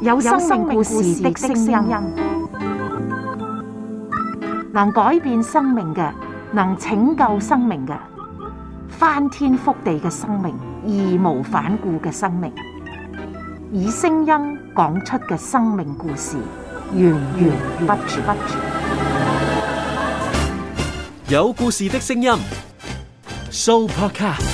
有生命故事的聲音，能改變生命嘅，能拯救生命嘅，翻天覆地嘅生命，義無反顧嘅生命，以聲音講出嘅生命故事，源源不絕。有故事的聲音，Soupercast。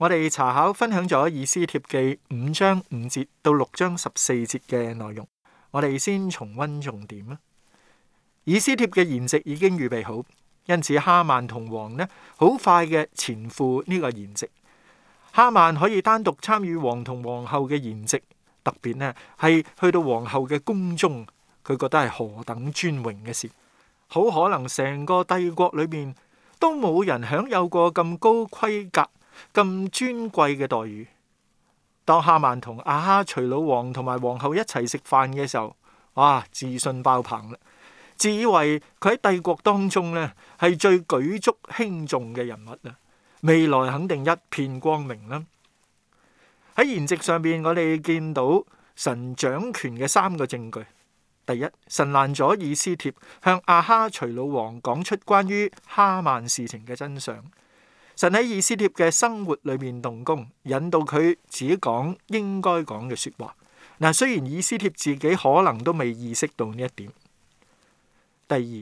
我哋查考分享咗《以斯帖記》五章五節到六章十四節嘅內容。我哋先重溫重點啊。以斯帖嘅筵席已經預備好，因此哈曼同王呢好快嘅前赴呢個筵席。哈曼可以單獨參與王同皇后嘅筵席，特別呢係去到皇后嘅宮中，佢覺得係何等尊榮嘅事。好可能成個帝國裏面都冇人享有過咁高規格。咁尊貴嘅待遇，當哈曼同亞哈隨魯王同埋皇后一齊食飯嘅時候，哇，自信爆棚啦！自以為佢喺帝國當中呢，係最舉足輕重嘅人物啦，未來肯定一片光明啦。喺筵席上邊，我哋見到神掌權嘅三個證據：第一，神攔咗以斯帖向亞哈隨魯王講出關於哈曼事情嘅真相。神喺以斯帖嘅生活裏面動工，引導佢自己講應該講嘅說話。嗱，雖然以斯帖自己可能都未意識到呢一點。第二，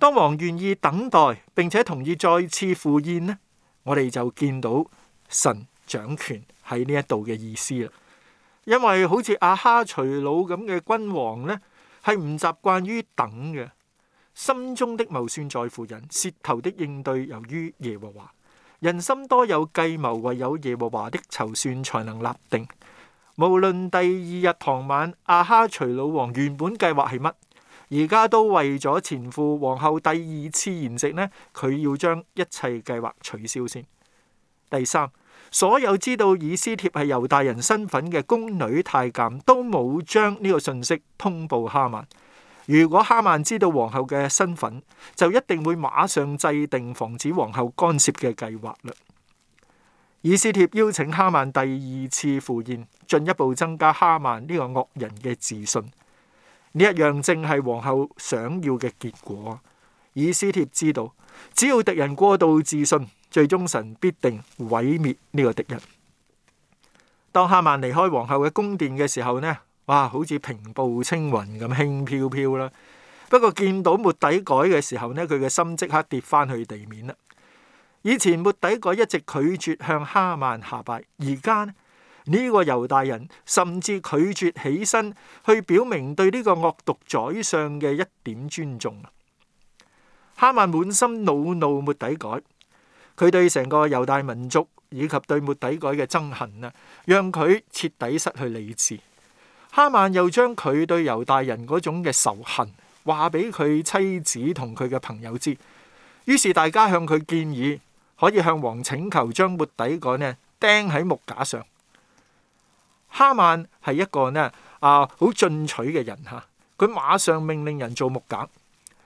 當王願意等待並且同意再次赴宴呢，我哋就見到神掌權喺呢一度嘅意思啦。因為好似亞哈隨魯咁嘅君王呢係唔習慣於等嘅，心中的謀算在乎人，舌頭的應對由於耶和華。人心多有計謀，唯有耶和華的籌算才能立定。無論第二日傍晚，亞哈隨魯王原本計劃係乜，而家都為咗前赴皇后第二次筵席，呢，佢要將一切計劃取消先。第三，所有知道以斯帖係猶大人身份嘅宮女太監，都冇將呢個信息通報哈曼。如果哈曼知道皇后嘅身份，就一定會馬上制定防止皇后干涉嘅計劃啦。以斯帖邀請哈曼第二次赴宴，進一步增加哈曼呢個惡人嘅自信。呢一樣正係皇后想要嘅結果。以斯帖知道，只要敵人過度自信，最終神必定毀滅呢個敵人。當哈曼離開皇后嘅宮殿嘅時候呢，哇，好似平步青雲咁輕飄飄啦！不過見到末底改嘅時候呢，佢嘅心即刻跌翻去地面啦。以前末底改一直拒絕向哈曼下拜，而家呢呢個猶大人甚至拒絕起身去表明對呢個惡毒宰相嘅一點尊重。哈曼滿心惱怒，怒，末底改，佢對成個猶大民族以及對末底改嘅憎恨啊，讓佢徹底失去理智。哈曼又將佢對猶大人嗰種嘅仇恨話俾佢妻子同佢嘅朋友知，於是大家向佢建議可以向王請求將末底改呢釘喺木架上。哈曼係一個呢啊好進取嘅人吓，佢馬上命令人做木架，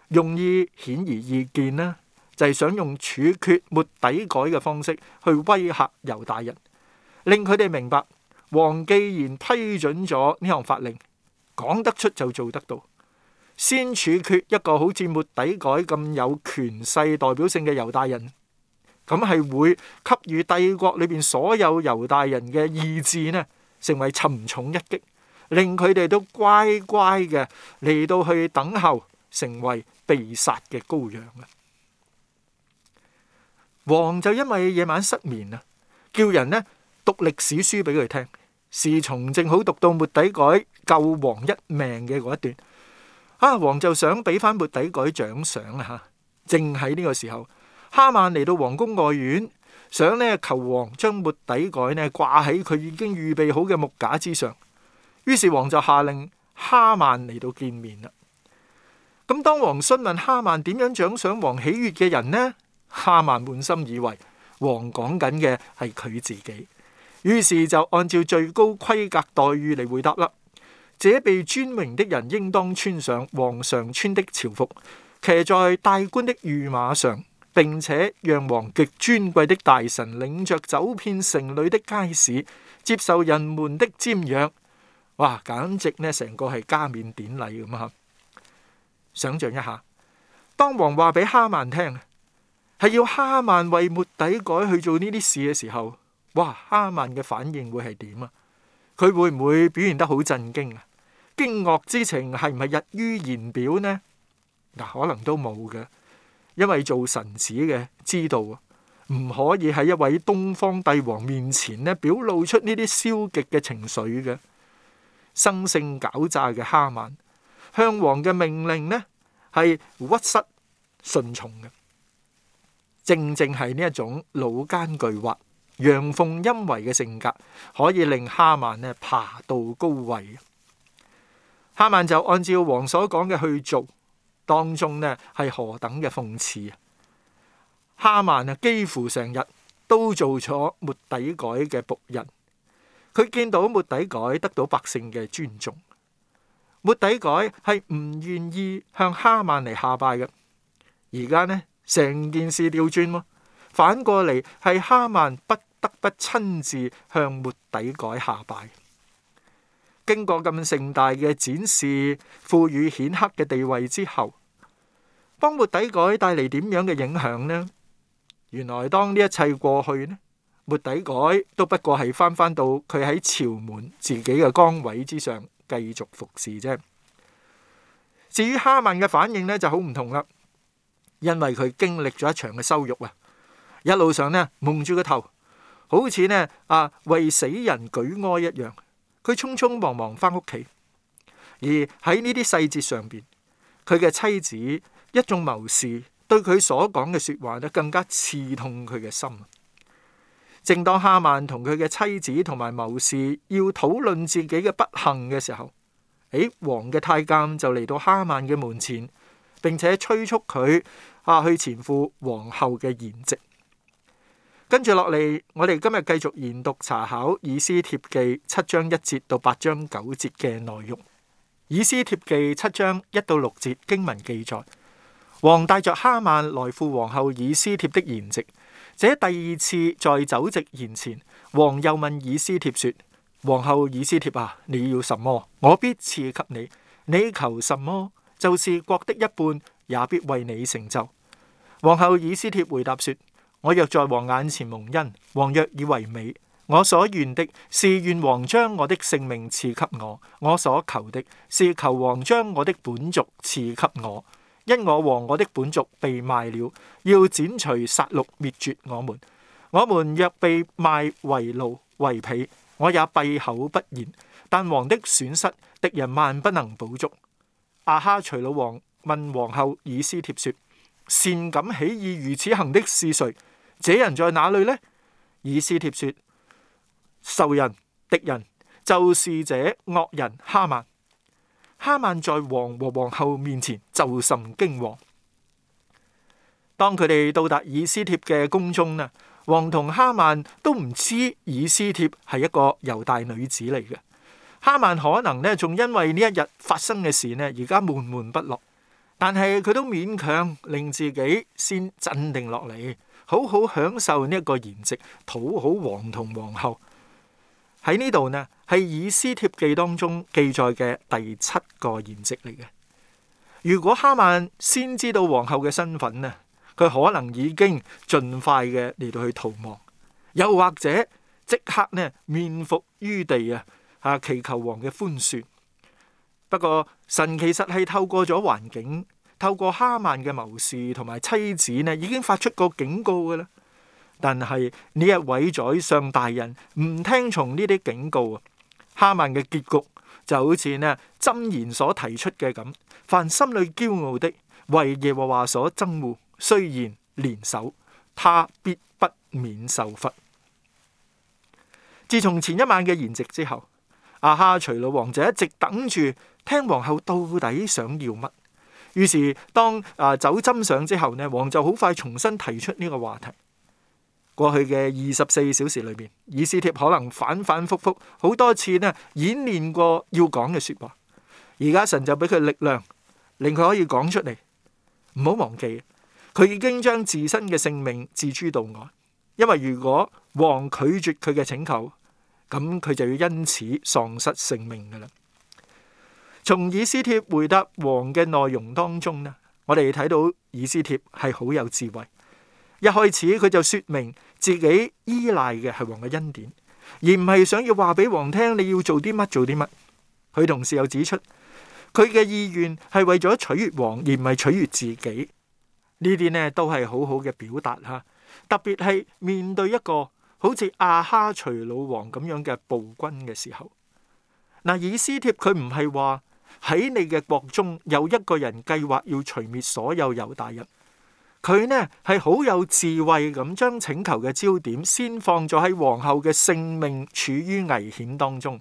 用意顯而易見啦，就係想用處決末底改嘅方式去威嚇猶大人，令佢哋明白。王既然批准咗呢項法令，講得出就做得到。先處決一個好似末底改咁有權勢代表性嘅猶大人，咁係會給予帝國裏邊所有猶大人嘅意志呢，成為沉重一擊，令佢哋都乖乖嘅嚟到去等候，成為被殺嘅羔羊啊！王就因為夜晚失眠啊，叫人呢讀歷史書俾佢聽。侍從正好讀到末底改救王一命嘅嗰一段，啊，王就想俾翻末底改獎賞啦吓。正喺呢個時候，哈曼嚟到王宮外院，想呢求王將末底改呢掛喺佢已經預備好嘅木架之上。於是王就下令哈曼嚟到見面啦。咁當王詢問哈曼點樣獎賞王喜悅嘅人呢？哈曼滿心以為王講緊嘅係佢自己。於是就按照最高規格待遇嚟回答啦。這被尊榮的人，應當穿上皇上穿的朝服，騎在大官的御馬上，並且讓王極尊貴的大臣領着走遍城裏的街市，接受人們的瞻仰。哇！簡直呢成個係加冕典禮咁啊！想象一下，當王話俾哈曼聽，係要哈曼為末底改去做呢啲事嘅時候。哇！哈曼嘅反應會係點啊？佢會唔會表現得好震驚啊？驚愕之情係唔係溢於言表呢？嗱，可能都冇嘅，因為做臣子嘅知道啊，唔可以喺一位東方帝王面前咧表露出呢啲消極嘅情緒嘅。生性狡詐嘅哈曼，向王嘅命令呢係屈膝順從嘅，正正係呢一種老奸巨猾。陽奉陰違嘅性格，可以令哈曼呢爬到高位。哈曼就按照王所講嘅去做，當中呢係何等嘅諷刺啊！哈曼啊，幾乎成日都做咗末底改嘅僕人。佢見到末底改得到百姓嘅尊重，末底改係唔願意向哈曼嚟下拜嘅。而家呢成件事掉轉咯。反過嚟係哈曼不得不親自向末底改下拜。經過咁盛大嘅展示、賦予顯赫嘅地位之後，幫末底改帶嚟點樣嘅影響呢？原來當呢一切過去呢，末底改都不過係返返到佢喺朝門自己嘅崗位之上繼續服侍啫。至於哈曼嘅反應呢，就好唔同啦，因為佢經歷咗一場嘅羞辱啊！一路上呢，蒙住個頭，好似呢啊，為死人舉哀一樣。佢匆匆忙忙翻屋企，而喺呢啲細節上邊，佢嘅妻子、一眾謀士對佢所講嘅說話咧，更加刺痛佢嘅心。正當哈曼同佢嘅妻子同埋謀士要討論自己嘅不幸嘅時候，誒，王嘅太監就嚟到哈曼嘅門前，並且催促佢啊去前赴皇后嘅筵席。跟住落嚟，我哋今日繼續研讀查考以斯帖記七章一節到八章九節嘅內容。以斯帖記七章一到六節經文記載，王帶著哈曼來赴王后以斯帖的筵席。這第二次在酒席筵前，王又問以斯帖說：「王后以斯帖啊，你要什麼？我必賜給你。你求什麼？就是國的一半，也必為你成就。」王后以斯帖回答說。我若在王眼前蒙恩，王若以為美，我所願的是願王將我的性命賜給我；我所求的是求王將我的本族賜給我。因我和我的本族被賣了，要剪除殺戮滅絕我們。我們若被賣為奴為婢，我也閉口不言。但王的損失，敵人萬不能補足。亞哈隨魯王問王后以斯帖說：善敢起意如此行的是誰？這人在哪裏呢？以斯帖說：仇人、敵人、咒事者、惡人哈曼。哈曼在王和王后面前就甚驚惶。當佢哋到達以斯帖嘅宮中呢，王同哈曼都唔知以斯帖係一個猶大女子嚟嘅。哈曼可能呢仲，因為呢一日發生嘅事呢，而家悶悶不樂。但係佢都勉強令自己先鎮定落嚟。好好享受呢一個筵席，討好王同皇后。喺呢度呢，係以斯帖記當中記載嘅第七個筵席嚟嘅。如果哈曼先知道皇后嘅身份呢，佢可能已經盡快嘅嚟到去逃亡，又或者即刻呢面伏於地啊啊，祈求王嘅寬恕。不過神其實係透過咗環境。透過哈曼嘅謀士同埋妻子呢，已經發出過警告嘅啦。但係呢一位宰相大人唔聽從呢啲警告啊，哈曼嘅結局就好似呢箴言所提出嘅咁：凡心裏驕傲的為耶和華所憎惡，雖然連手，他必不免受罰。自從前一晚嘅筵席之後，亞哈隨魯王就一直等住聽皇后到底想要乜。於是當啊酒斟上之後呢，王就好快重新提出呢個話題。過去嘅二十四小時裏邊，以斯帖可能反反覆覆好多次呢演練過要講嘅説話。而家神就俾佢力量，令佢可以講出嚟。唔好忘記，佢已經將自身嘅性命置諸度外。因為如果王拒絕佢嘅請求，咁佢就要因此喪失性命㗎喇。從以斯帖回答王嘅內容當中呢，我哋睇到以斯帖係好有智慧。一開始，佢就說明自己依賴嘅係王嘅恩典，而唔係想要話俾王聽你要做啲乜做啲乜。佢同時又指出，佢嘅意願係為咗取悅王，而唔係取悅自己。呢啲呢都係好好嘅表達吓，特別係面對一個好似亞哈隨魯王咁樣嘅暴君嘅時候。嗱，以斯帖佢唔係話。喺你嘅國中有一個人計劃要除滅所有猶大人，佢呢係好有智慧咁將請求嘅焦點先放咗喺皇后嘅性命處於危險當中，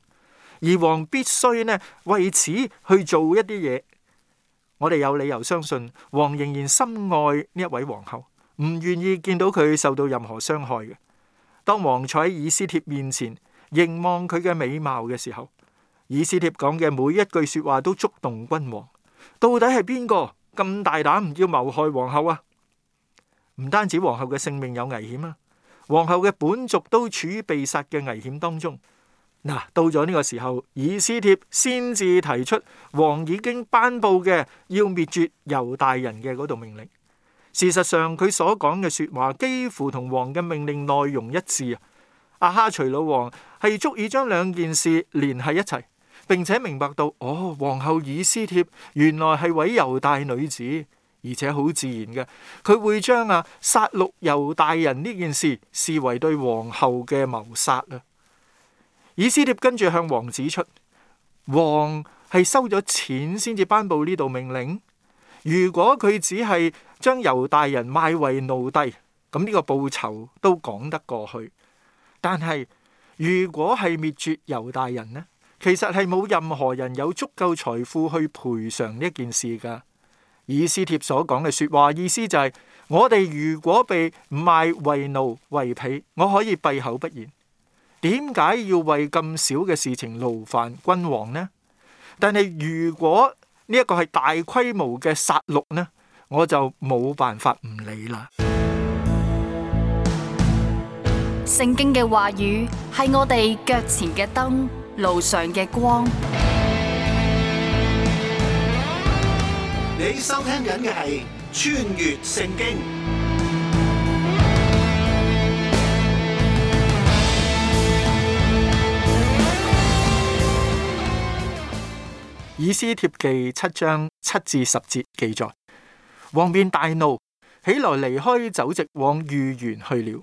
而王必須呢為此去做一啲嘢。我哋有理由相信王仍然深愛呢一位皇后，唔願意見到佢受到任何傷害嘅。當王坐喺以斯帖面前凝望佢嘅美貌嘅時候。以斯帖講嘅每一句說話都觸動君王，到底係邊個咁大膽要謀害皇后啊？唔單止皇后嘅性命有危險啊，皇后嘅本族都處於被殺嘅危險當中。嗱，到咗呢個時候，以斯帖先至提出王已經頒布嘅要滅絕猶大人嘅嗰道命令。事實上，佢所講嘅說話幾乎同王嘅命令內容一致啊！亞哈隨魯王係足以將兩件事連繫一齊。並且明白到哦，皇后以斯帖原來係位猶大女子，而且好自然嘅，佢會將啊殺戮猶大人呢件事視為對皇后嘅謀殺啊！以斯帖跟住向王指出，王係收咗錢先至頒布呢度命令。如果佢只係將猶大人賣為奴隸，咁呢個報酬都講得過去。但係如果係滅絕猶大人呢？其實係冇任何人有足夠財富去賠償呢件事㗎。以斯帖所講嘅説話意思就係：我哋如果被賣為奴為婢，我可以閉口不言。點解要為咁少嘅事情勞煩君王呢？但係如果呢一個係大規模嘅殺戮呢，我就冇辦法唔理啦。聖經嘅話語係我哋腳前嘅燈，路上嘅光，你收聽緊嘅係《穿越聖經》。以斯帖記七章七至十節記載，王便大怒，起來離開酒席，往御園去了。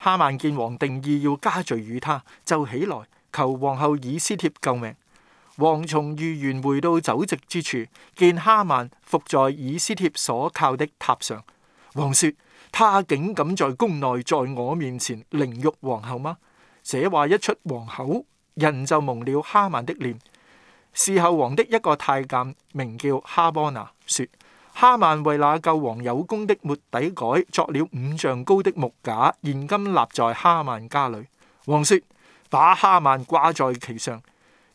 哈曼見王定意要加罪於他，就起來。求皇后以斯帖救命。王從御園回到酒席之處，見哈曼伏在以斯帖所靠的榻上。王說：他竟敢在宮內在我面前凌辱皇后嗎？這話一出王口，人就蒙了哈曼的臉。事後，王的一個太監名叫哈波拿說：哈曼為那救王有功的末底改作了五丈高的木架，現今立在哈曼家裏。王說。把哈曼掛在其上，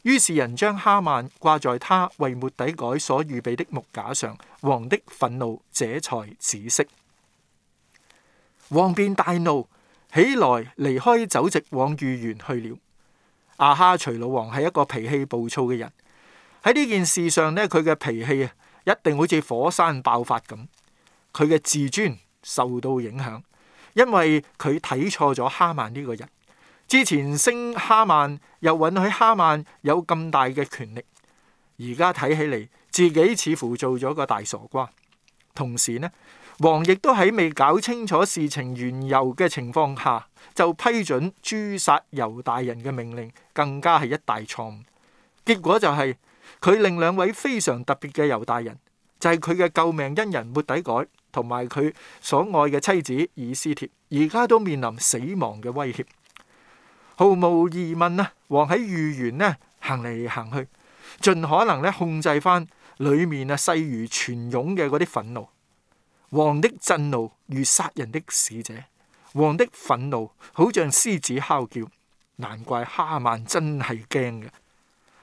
於是人將哈曼掛在他為末底改所預備的木架上。王的憤怒這才止息。王便大怒，起來離開酒席往御園去了。亞哈隨魯王係一個脾氣暴躁嘅人，喺呢件事上呢，佢嘅脾氣一定好似火山爆發咁。佢嘅自尊受到影響，因為佢睇錯咗哈曼呢個人。之前升哈曼又允許哈曼有咁大嘅權力，而家睇起嚟自己似乎做咗個大傻瓜。同時呢，王亦都喺未搞清楚事情原由嘅情況下就批准誅殺猶大人嘅命令，更加係一大錯誤。結果就係，佢令兩位非常特別嘅猶大人，就係佢嘅救命恩人末底改同埋佢所愛嘅妻子以斯帖，而家都面臨死亡嘅威脅。毫無疑問啦，王喺御園咧行嚟行去，盡可能咧控制翻裏面啊細如泉湧嘅嗰啲憤怒。王的震怒如殺人的使者，王的憤怒好像獅子哮叫，難怪哈曼真係驚嘅。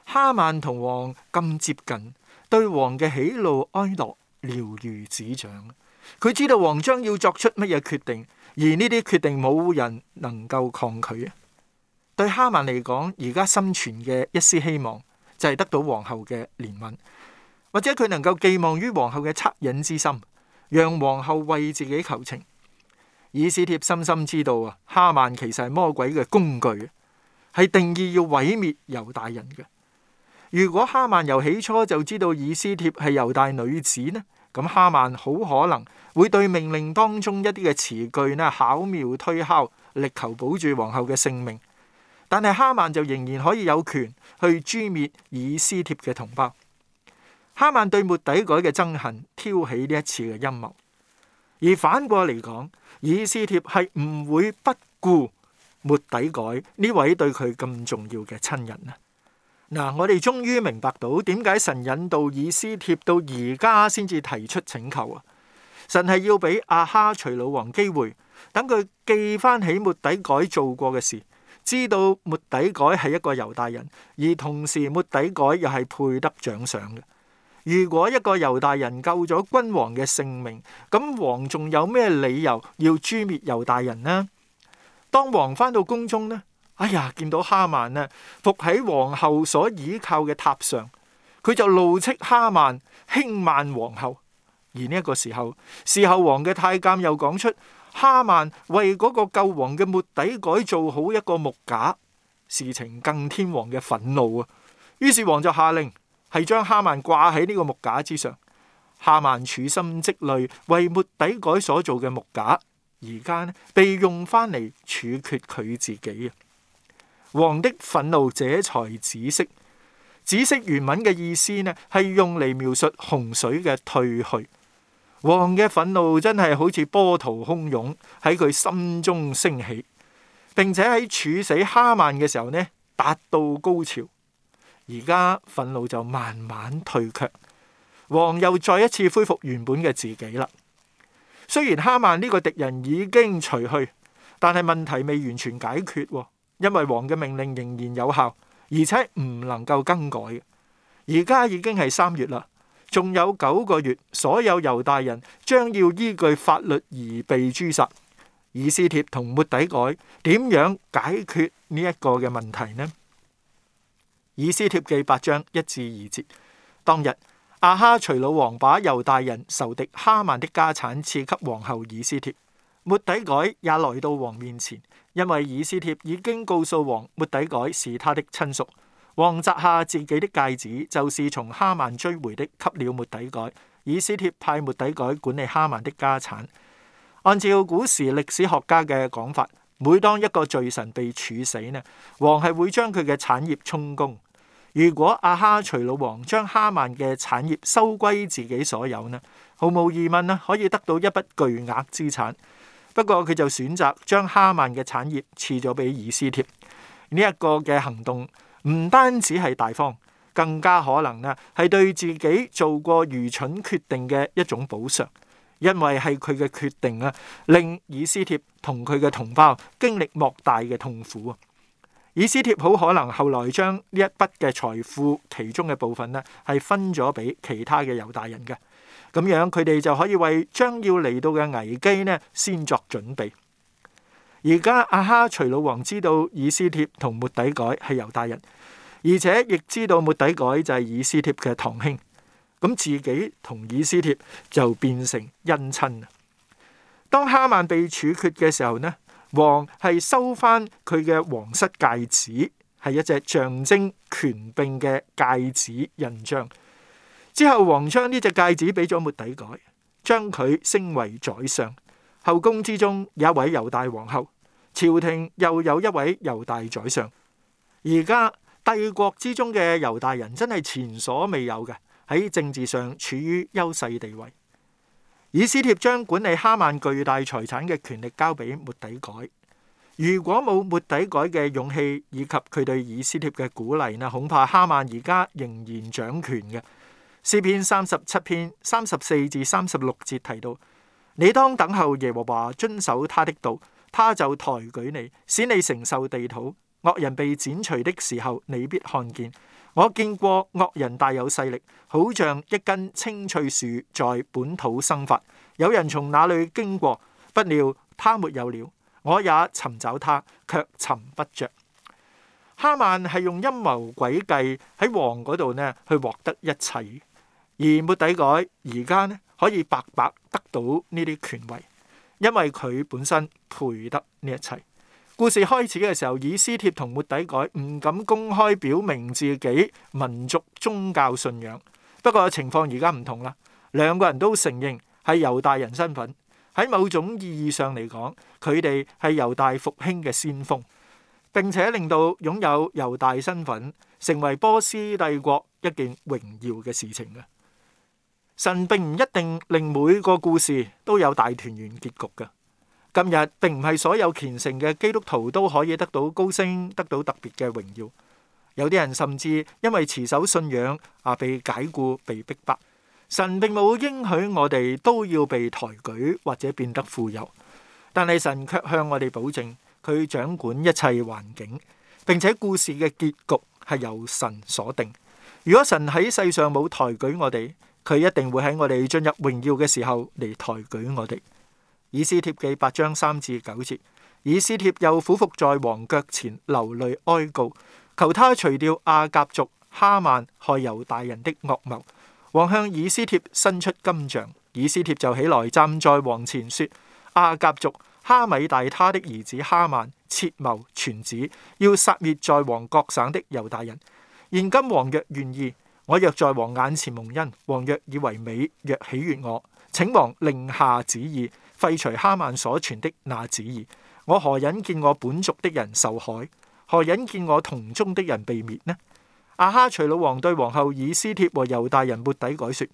哈曼同王咁接近，對王嘅喜怒哀樂了如指掌，佢知道王將要作出乜嘢決定，而呢啲決定冇人能夠抗拒啊！對哈曼嚟講，而家生存嘅一絲希望就係得到皇后嘅憐憫，或者佢能夠寄望於皇后嘅惻隱之心，讓皇后為自己求情。以斯帖深深知道啊，哈曼其實係魔鬼嘅工具，係定義要毀滅猶大人嘅。如果哈曼由起初就知道以斯帖係猶大女子呢，咁哈曼好可能會對命令當中一啲嘅詞句呢，巧妙推敲，力求保住皇后嘅性命。但係哈曼就仍然可以有權去誅滅以斯帖嘅同胞。哈曼對末底改嘅憎恨，挑起呢一次嘅陰謀。而反過嚟講，以斯帖係唔會不顧末底改呢位對佢咁重要嘅親人啊。嗱，我哋終於明白到點解神引導以斯帖到而家先至提出請求啊。神係要俾亞哈隨魯王機會，等佢記翻起末底改做過嘅事。知道末底改係一個猶大人，而同時末底改又係配得獎賞嘅。如果一個猶大人救咗君王嘅性命，咁王仲有咩理由要誅滅猶大人呢？當王返到宮中呢，哎呀，見到哈曼呢、啊，伏喺皇后所倚靠嘅榻上，佢就怒斥哈曼輕慢皇后。而呢一個時候，侍候王嘅太監又講出。哈曼為嗰個救王嘅末底改做好一個木架，事情更添王嘅憤怒啊！於是王就下令係將哈曼掛喺呢個木架之上。哈曼處心積慮為末底改所做嘅木架，而家呢，被用翻嚟處決佢自己啊！王的憤怒這才止息，止息原文嘅意思呢係用嚟描述洪水嘅退去。王嘅憤怒真係好似波濤洶湧，喺佢心中升起，並且喺處死哈曼嘅時候呢，達到高潮。而家憤怒就慢慢退卻，王又再一次恢復原本嘅自己啦。雖然哈曼呢個敵人已經除去，但係問題未完全解決喎，因為王嘅命令仍然有效，而且唔能夠更改。而家已經係三月啦。仲有九個月，所有猶大人將要依據法律而被誅殺。以斯帖同末底改點樣解決呢一個嘅問題呢？以斯帖記八章一至二節。當日，亞哈隨魯王把猶大人仇敵哈曼的家產賜給皇后以斯帖。末底改也來到王面前，因為以斯帖已經告訴王，末底改是他的親屬。王摘下自己的戒指，就是從哈曼追回的，給了末底改。以斯帖派末底改管理哈曼的家產。按照古時歷史學家嘅講法，每當一個罪臣被處死呢，王係會將佢嘅產業充公。如果阿哈隨老王將哈曼嘅產業收歸自己所有呢，毫無疑問啦，可以得到一筆巨額資產。不過佢就選擇將哈曼嘅產業賜咗俾以斯帖呢一個嘅行動唔單止係大方，更加可能呢係對自己做過愚蠢決定嘅一種補償，因為係佢嘅決定啊，令以斯帖同佢嘅同胞經歷莫大嘅痛苦啊！以斯帖好可能後來將呢一筆嘅財富其中嘅部分呢，係分咗俾其他嘅猶大人嘅，咁樣佢哋就可以為將要嚟到嘅危機呢，先作準備。而家亞哈隨魯王知道以斯帖同末底改係猶大人，而且亦知道末底改就係以斯帖嘅堂兄，咁自己同以斯帖就變成姻親。當哈曼被處決嘅時候呢，王係收翻佢嘅皇室戒指，係一隻象徵權柄嘅戒指印章。之後王將呢隻戒指俾咗末底改，將佢升為宰相。後宮之中有一位猶大皇后。朝廷又有一位猶大宰相，而家帝國之中嘅猶大人真係前所未有嘅，喺政治上處於優勢地位。以斯帖將管理哈曼巨大財產嘅權力交俾末底改。如果冇末底改嘅勇氣以及佢對以斯帖嘅鼓勵啊，恐怕哈曼而家仍然掌權嘅。詩篇三十七篇三十四至三十六節提到：你當等候耶和華，遵守他的道。他就抬舉你，使你承受地土。惡人被剪除的時候，你必看見。我見過惡人大有勢力，好像一根青翠樹在本土生發。有人從那裡經過，不料他沒有了。我也尋找他，卻尋不着。哈曼係用陰謀詭計喺王嗰度呢，去獲得一切，而冇抵改。而家呢，可以白白得到呢啲權位。因為佢本身配得呢一切。故事開始嘅時候，以斯帖同末底改唔敢公開表明自己民族宗教信仰。不過情況而家唔同啦，兩個人都承認係猶大人身份。喺某種意義上嚟講，佢哋係猶大復興嘅先鋒，並且令到擁有猶大身份成為波斯帝國一件榮耀嘅事情啊！神並唔一定令每個故事都有大團圓結局㗎。今日並唔係所有虔誠嘅基督徒都可以得到高升，得到特別嘅榮耀。有啲人甚至因為持守信仰啊，被解僱，被逼迫。神並冇應許我哋都要被抬舉或者變得富有，但係神卻向我哋保證，佢掌管一切環境，並且故事嘅結局係由神所定。如果神喺世上冇抬舉我哋。佢一定會喺我哋進入榮耀嘅時候嚟抬舉我哋。以斯帖記八章三至九節，以斯帖又俯伏在王腳前流淚哀告，求他除掉亞甲族哈曼害猶大人的惡謀。王向以斯帖伸出金杖，以斯帖就起來站在王前說：亞甲族哈米大他的兒子哈曼，設謀全旨，要殺滅在王各省的猶大人。現今王若願意。我若在王眼前蒙恩，王若以為美，若喜悦我，請王令下旨意廢除哈曼所傳的那旨意。我何忍見我本族的人受害，何忍見我同宗的人被滅呢？亞哈隨魯王對王后以斯帖和猶大人末底改說：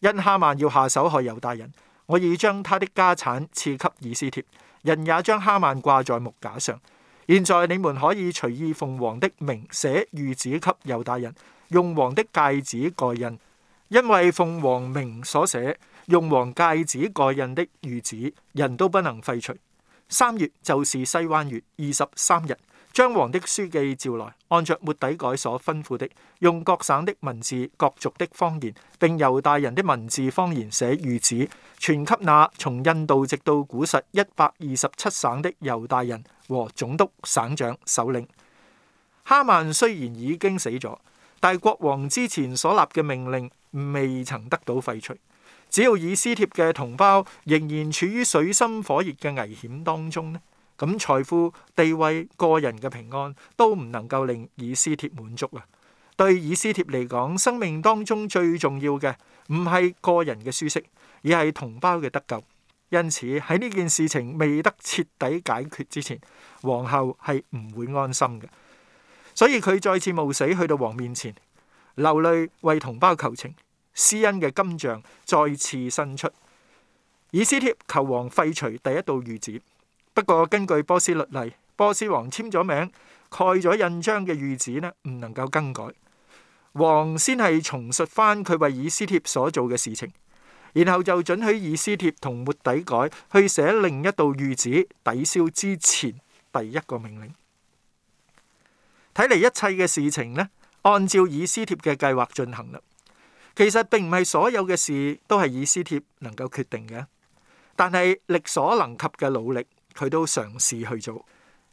因哈曼要下手害猶大人，我已將他的家產賜給以斯帖，人也將哈曼掛在木架上。現在你們可以隨意奉王的名寫諭旨給猶大人。用王的戒指蓋印，因為奉王名所寫用王戒指蓋印的諭旨，人都不能廢除。三月就是西灣月，二十三日，將王的書記召來，按着末底改所吩咐的，用各省的文字、各族的方言，並猶大人的文字方言寫諭旨，傳給那從印度直到古實一百二十七省的猶大人和總督、省長、首領。哈曼雖然已經死咗。但國王之前所立嘅命令未曾得到廢除，只要以斯帖嘅同胞仍然處於水深火熱嘅危險當中呢，咁財富、地位、個人嘅平安都唔能夠令以斯帖滿足啊！對以斯帖嚟講，生命當中最重要嘅唔係個人嘅舒適，而係同胞嘅得救。因此喺呢件事情未得徹底解決之前，皇后係唔會安心嘅。所以佢再次冒死去到王面前，流淚為同胞求情，施恩嘅金杖再次伸出。以斯帖求王廢除第一道御旨，不過根據波斯律例，波斯王簽咗名，蓋咗印章嘅諭旨咧，唔能夠更改。王先係重述翻，佢為以斯帖所做嘅事情，然後就准許以斯帖同末底改去寫另一道御旨，抵消之前第一個命令。睇嚟一切嘅事情呢，按照以斯帖嘅計劃進行啦。其實並唔係所有嘅事都係以斯帖能夠決定嘅，但係力所能及嘅努力，佢都嘗試去做。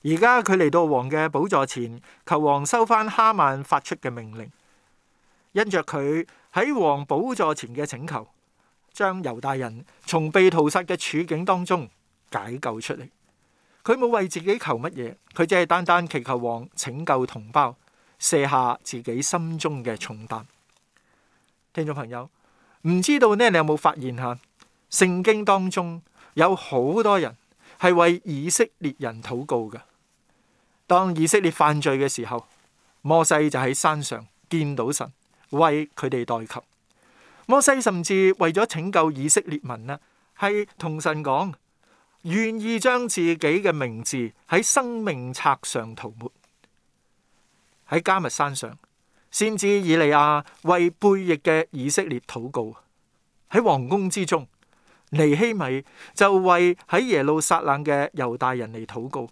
而家佢嚟到王嘅寶座前，求王收翻哈曼發出嘅命令，因着佢喺王寶座前嘅請求，將猶大人從被屠殺嘅處境當中解救出嚟。佢冇為自己求乜嘢，佢只係單單祈求王拯救同胞，卸下自己心中嘅重擔。聽眾朋友，唔知道呢，你有冇發現下？聖經當中有好多人係為以色列人禱告嘅。當以色列犯罪嘅時候，摩西就喺山上見到神，為佢哋代求。摩西甚至為咗拯救以色列民呢，係同神講。願意將自己嘅名字喺生命冊上塗抹，喺迦密山上，先至以利亞為背逆嘅以色列禱告；喺皇宮之中，尼希米就為喺耶路撒冷嘅猶大人嚟禱告。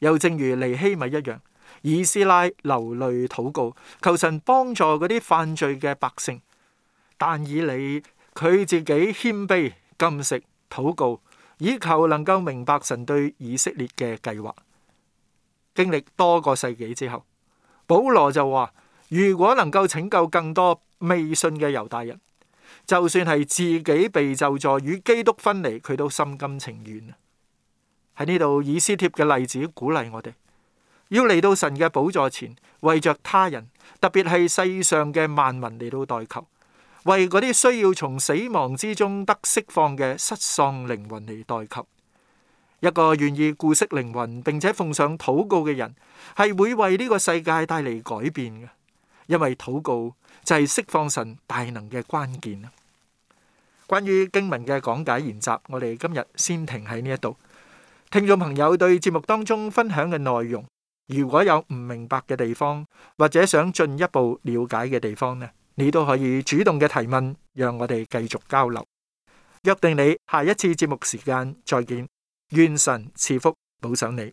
又正如尼希米一樣，以斯拉流淚禱告，求神幫助嗰啲犯罪嘅百姓。但以理佢自己謙卑，禁食禱告。以求能夠明白神對以色列嘅計劃。經歷多個世紀之後，保羅就話：如果能夠拯救更多未信嘅猶大人，就算係自己被咒詛與基督分離，佢都心甘情願。喺呢度，以斯帖嘅例子鼓勵我哋，要嚟到神嘅寶座前，為着他人，特別係世上嘅萬民嚟到代求。為嗰啲需要從死亡之中得釋放嘅失喪靈魂嚟代及一個願意顧惜靈魂並且奉上禱告嘅人，係會為呢個世界帶嚟改變嘅，因為禱告就係釋放神大能嘅關鍵啦。關於經文嘅講解研習，我哋今日先停喺呢一度。聽眾朋友對節目當中分享嘅內容，如果有唔明白嘅地方或者想進一步了解嘅地方呢，你都可以主動嘅提問，讓我哋繼續交流。約定你下一次節目時間，再見，願神賜福，保守你。